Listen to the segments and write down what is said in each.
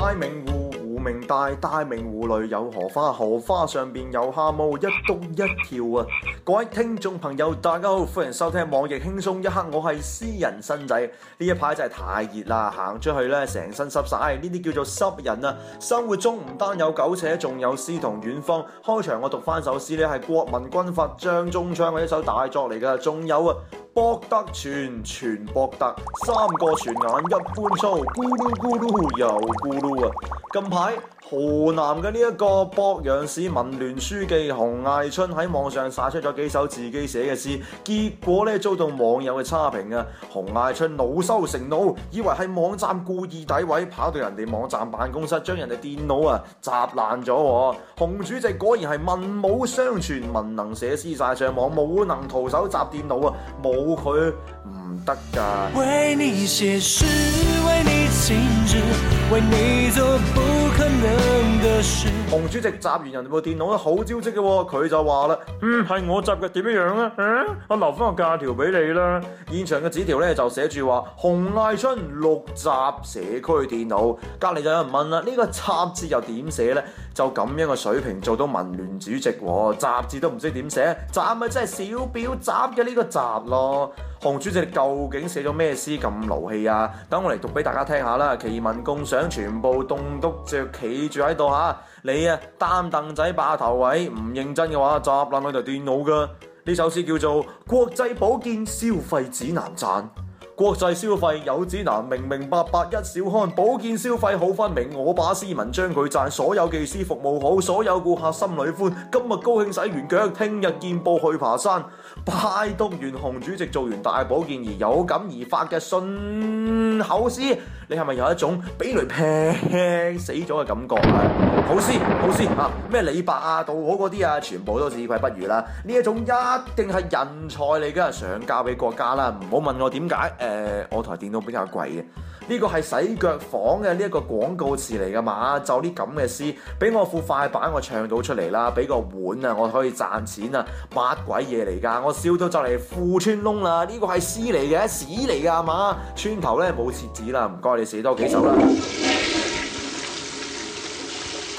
大明湖湖名大，大明湖裏有荷花，荷花上邊有蝦毛，一篤一跳啊！各位聽眾朋友，大家好，歡迎收聽網易輕鬆一刻，我係詩人新仔。呢一排真係太熱啦，行出去咧成身濕晒，呢啲叫做濕人啊。生活中唔單有苟且，仲有詩同遠方。開場我讀翻首詩咧，係國民軍閥張宗昌嘅一首大作嚟噶，仲有啊。博德全全博德三個船眼一般粗，咕嚕咕嚕又咕嚕啊！近排。河南嘅呢一個博陽市文聯書記熊艾春喺網上晒出咗幾首自己寫嘅詩，結果咧遭到網友嘅差評啊！熊艾春惱羞成怒，以為係網站故意詆毀，跑到人哋網站辦公室將人哋電腦啊砸爛咗。熊主席果然係文武相全，文能寫詩晒上網，冇能徒手砸電腦啊！冇佢唔得噶。不洪主席集完人哋部電腦都好招積嘅，佢就話啦：，嗯，係我集嘅，點樣樣啊？嗯，我留翻個假條俾你啦。現場嘅紙條咧就寫住話：，洪賴春六集社區電腦。隔籬就有人問啦：，呢、呢個集字又點寫呢？就咁樣嘅水平做到文聯主席、哦，集字都唔識點寫，集咪真係小表集嘅呢個集咯？洪主席究竟寫咗咩詩咁勞氣啊？等我嚟讀俾大家聽下啦。奇文共賞，全部動讀著。企住喺度嚇，你啊，擔凳仔霸頭位，唔、啊、認真嘅話，砸爛佢台電腦噶。呢首詩叫做《國際保健消費指南站》讚。國際消費有指南，明明白白一小康。保健消費好分明，我把詩文將佢讚。所有技師服務好，所有顧客心裏歡。今日高興洗完腳，聽日健步去爬山。拜讀完紅主席做完大保健而有感而發嘅信口詩，你係咪有一種俾雷劈死咗嘅感覺啊？好詩好詩啊！咩李白啊、杜甫嗰啲啊，全部都自愧不如啦。呢一種一定係人才嚟嘅，上交俾國家啦。唔好問我點解誒、呃，我台電腦比較貴嘅，呢個係洗腳房嘅呢一個廣告詞嚟噶嘛？就呢咁嘅詩，俾我副快板我唱到出嚟啦，俾個碗啊，我可以賺錢啊，乜鬼嘢嚟噶？我笑到就嚟褲穿窿啦，呢個係詩嚟嘅，屎嚟噶嘛？村頭呢冇設紙啦，唔該你寫多幾首啦。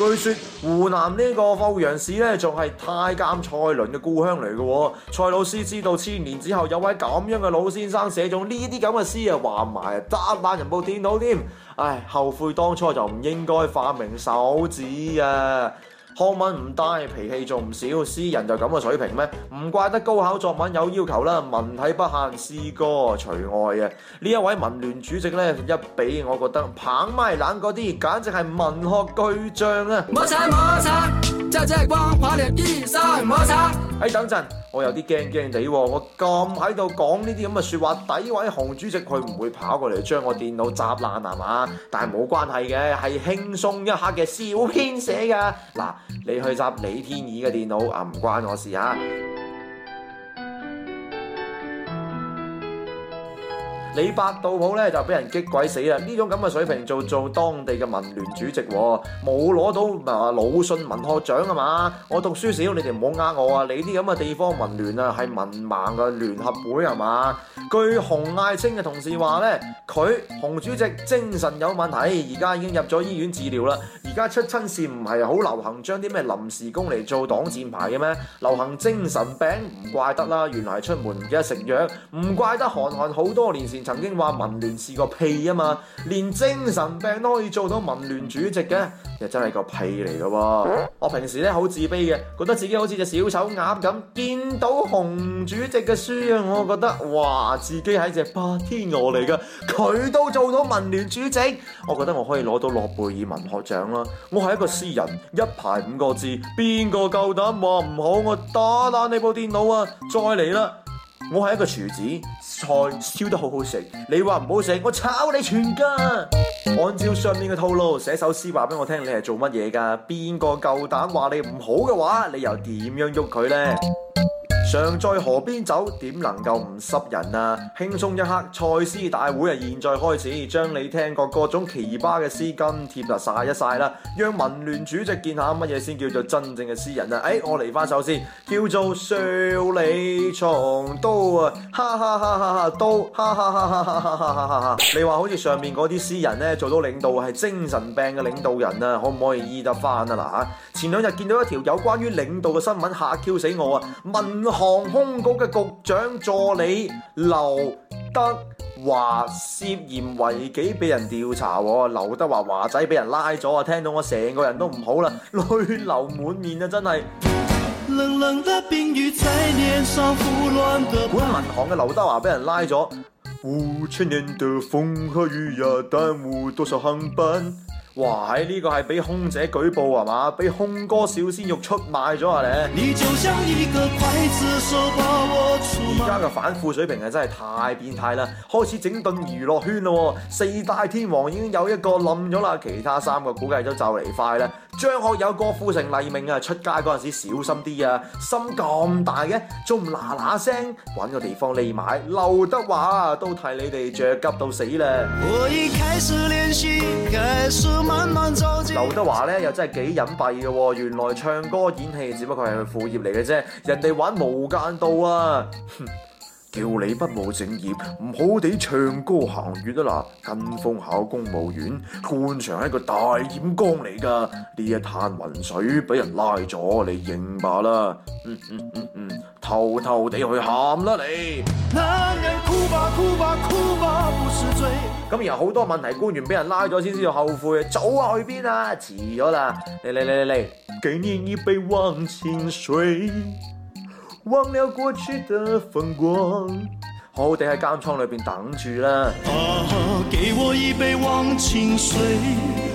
據說湖南呢個阜陽市咧，仲係太監蔡倫嘅故鄉嚟嘅。蔡老師知道千年之後有位咁樣嘅老先生寫咗呢啲咁嘅詩啊，話埋得爛人部電腦添啊。唉，後悔當初就唔應該發明手指啊！學問唔大，脾氣仲唔少，詩人就咁個水平咩？唔怪得高考作文有要求啦，文體不限，詩歌除外嘅。呢一位文聯主席咧，一比我覺得棒埋冷嗰啲，簡直係文學巨匠啦、啊！摩擦摩擦，就只光華點異閃，摩擦。哎、hey,，等陣。我有啲驚驚地喎，我咁喺度講呢啲咁嘅説話，詆毀洪主席，佢唔會跑過嚟將我電腦砸爛係嘛？但係冇關係嘅，係輕鬆一刻嘅小編寫㗎。嗱，你去砸李天意嘅電腦啊，唔關我事吓、啊。你八道普咧就俾人激鬼死啊！呢種咁嘅水平做做當地嘅文聯主席，哦，冇攞到啊魯迅文學獎啊嘛！我讀書少，你哋唔好呃我啊！你啲咁嘅地方文聯啊，係文盲嘅聯合會係嘛？據洪艾青嘅同事話咧，佢洪主席精神有問題，而家已經入咗醫院治療啦。而家出親事唔係好流行，將啲咩臨時工嚟做擋箭牌嘅咩？流行精神病，唔怪得啦，原來係出門唔記得食藥，唔怪得韓寒好多年前曾經話文聯是個屁啊嘛，連精神病都可以做到文聯主席嘅，又真係個屁嚟嘅喎！我平時咧好自卑嘅，覺得自己好似隻小醜鴨咁，見到洪主席嘅書啊，我覺得哇，自己係隻白天鵝嚟㗎，佢都做到文聯主席，我覺得我可以攞到諾貝爾文學獎咯～我係一個詩人，一排五個字，邊個夠膽話唔好，我打爛你部電腦啊！再嚟啦！我係一個廚子，菜燒得好好食，你話唔好食，我炒你全家。按照上面嘅套路寫首詩，話俾我聽，你係做乜嘢噶？邊個夠膽話你唔好嘅話，你又點樣喐佢呢？常在河邊走，點能夠唔濕人啊？輕鬆一刻，賽詩大會啊！現在開始，將你聽過各種奇葩嘅詩跟帖啊晒一晒啦，讓文聯主席見下乜嘢先叫做真正嘅詩人啊！誒、哎，我嚟翻首先，叫做笑裏藏刀啊！哈哈哈哈哈刀哈哈哈哈哈哈哈哈哈哈！你話好似上面嗰啲詩人呢，做到領導係精神病嘅領導人啊？可唔可以醫得翻啊？嗱吓，前兩日見到一條有關於領導嘅新聞，吓 Q 死我啊！問。航空局嘅局長助理劉德華涉嫌違紀，俾人調查喎。劉德華華仔俾人拉咗啊！聽到我成個人都唔好啦，淚流滿面啊！真係。冷冷嘅冰雨喺臉上胡亂嘅拍。本民航嘅劉德華俾人拉咗。呀，多少哇嗨！呢、這個係俾空姐舉報係咪？俾空哥小鮮肉出賣咗啊咧！你就像一個劊子手把我出賣咗！而家嘅反腐水平啊真係太變態啦，開始整頓娛樂圈咯。四大天王已經有一個冧咗啦，其他三個估計都就嚟快啦。張學友、郭富城、黎明啊，出街嗰陣時小心啲啊，心咁大嘅，仲唔嗱嗱聲搵個地方匿埋。劉德華都替你哋着急到死啦。劉德華呢，又真係幾隱蔽嘅，哦，原來唱歌演戲只不過係副業嚟嘅啫，人哋玩無間道啊。 叫你不務正業，唔好地唱歌行遠得啦，跟風考公務員，官場係一個大染缸嚟噶，呢一灘渾水俾人拉咗，你認吧啦，嗯嗯嗯嗯，嗯，偷偷地去喊啦你。男人哭吧哭吧哭吧，哭吧哭吧不是罪！咁而家好多問題官員俾人拉咗，先知道後悔，早啊去邊啊？遲咗啦，嚟嚟嚟嚟嚟，給你一杯忘情水。忘了過去的風光，好好地喺監倉裏邊等住啦。啊，給我一杯忘情水。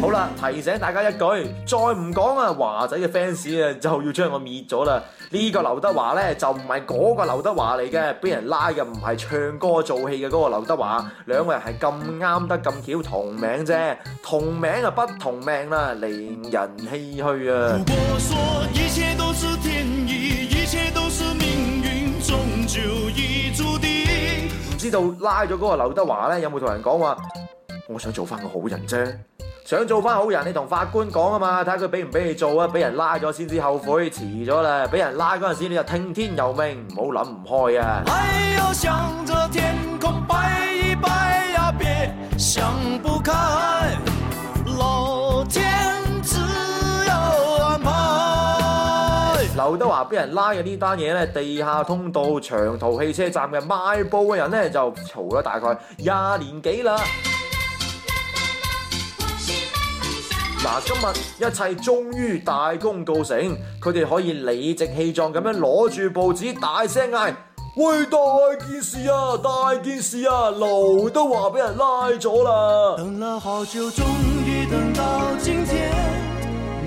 好啦，提醒大家一句，再唔講啊，華仔嘅 fans 啊就要將我滅咗啦。呢個劉德華呢，就唔係嗰個劉德華嚟嘅，俾人拉嘅唔係唱歌做戲嘅嗰個劉德華，兩個人係咁啱得咁巧同名啫，同名啊不同命啦，令人唏噓啊。如果說一切都是天意，一切都是命運，終究已注定。唔知道拉咗嗰個劉德華呢，有冇同人講話？我想做翻個好人啫，想做翻好人，你同法官講啊嘛，睇下佢俾唔俾你做啊，俾人拉咗先至後悔，遲咗啦，俾人拉嗰陣時，你就聽天由命，唔好諗唔開啊！還要向着天空拜一拜呀，別想唔開，老天自有安排。劉德華俾人拉嘅呢單嘢咧，地下通道、長途汽車站嘅賣報嘅人咧，就嘈咗大概廿年幾啦。嗱，今日一切終於大功告成，佢哋可以理直氣壯咁樣攞住報紙大聲嗌：喂，大件事啊，大件事啊，樓都話俾人拉咗啦！把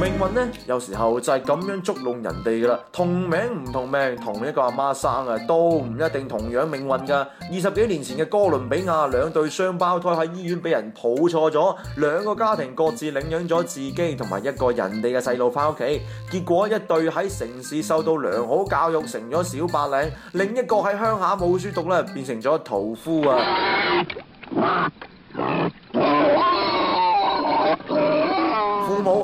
命運呢，有時候就係咁樣捉弄人哋噶啦。同名唔同命，同一個阿媽生啊，都唔一定同樣命運噶。二十幾年前嘅哥倫比亞，兩對雙胞胎喺醫院俾人抱錯咗，兩個家庭各自領養咗自己同埋一個人哋嘅細路翻屋企。結果一對喺城市受到良好教育，成咗小白領；另一個喺鄉下冇書讀啦，變成咗屠夫啊！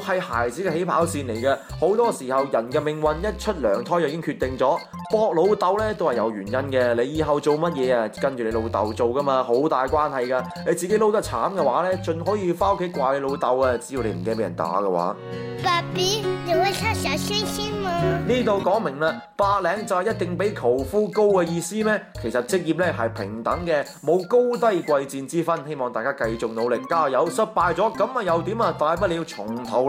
係孩子嘅起跑線嚟嘅，好多時候人嘅命運一出娘胎就已經決定咗。博老豆呢都係有原因嘅，你以後做乜嘢啊？跟住你老豆做噶嘛，好大關係噶。你自己撈得慘嘅話呢，盡可以翻屋企怪你老豆啊！只要你唔驚俾人打嘅話。爸比，你會唱小星星嗎？呢度講明啦，白領就係一定比樵夫高嘅意思咩？其實職業呢係平等嘅，冇高低貴賤之分。希望大家繼續努力加油，失敗咗咁啊又點啊？大不了重頭。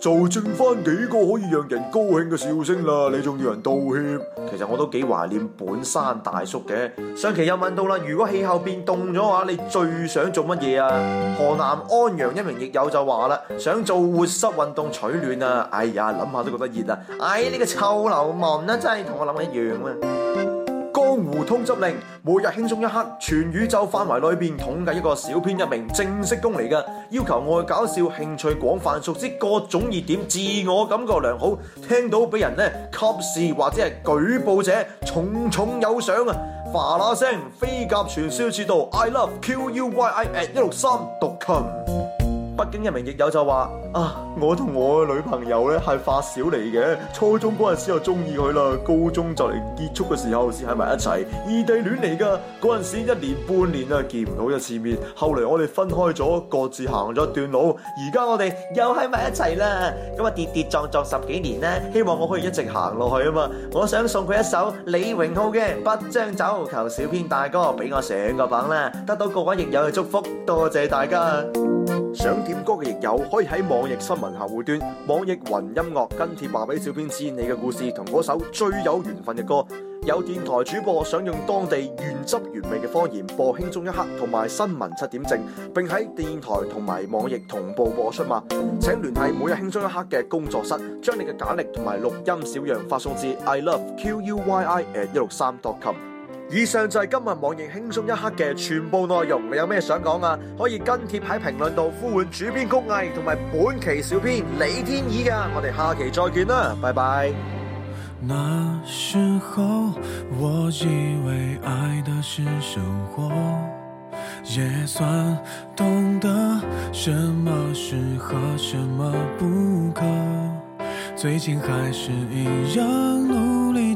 就剩翻幾個可以讓人高興嘅笑聲啦，你仲要人道歉？其實我都幾懷念本山大叔嘅。上期又問到啦，如果氣候變凍咗嘅話，你最想做乜嘢啊？河南安陽一名業友就話啦，想做活塞運動取暖啊！哎呀，諗下都覺得熱啊！哎呀，你、這個臭流氓啊，真係同我諗一樣啊！互通執令，每日輕鬆一刻，全宇宙範圍內邊統計一個小編一名正式工嚟嘅，要求愛搞笑、興趣廣泛、熟知各種熱點、自我感覺良好，聽到俾人呢，及事或者係舉報者，重重有賞啊！嘩啦聲，飛鴿傳書之道，I love Q U Y I at 一六三 dot com。北京一名亦友就話：啊，我同我女朋友咧係發小嚟嘅，初中嗰陣時就中意佢啦，高中就嚟結束嘅時候先喺埋一齊，異地戀嚟噶。嗰陣時一年半年啊見唔到一次面，後來我哋分開咗，各自行咗一段路，而家我哋又喺埋一齊啦。咁啊跌跌撞撞十幾年咧，希望我可以一直行落去啊嘛。我想送佢一首李榮浩嘅《不將就》，求小編大哥俾我上個榜啦。得到各位亦友嘅祝福，多謝大家。想點歌嘅亦有，可以喺網易新聞客戶端、網易雲音樂跟帖話俾小編知你嘅故事同嗰首最有緣分嘅歌。有電台主播想用當地原汁原味嘅方言播《輕鬆一刻》同埋《新聞七點正》，並喺電台同埋網易同步播出嘛？請聯繫每日《輕鬆一刻》嘅工作室，將你嘅簡歷同埋錄音小樣發送至 i love q u y i at 163.com。16以上就係今日網易輕鬆一刻嘅全部內容，你有咩想講啊？可以跟帖喺評論度呼喚主編曲藝同埋本期小編李天意㗎！我哋下期再見啦，拜拜。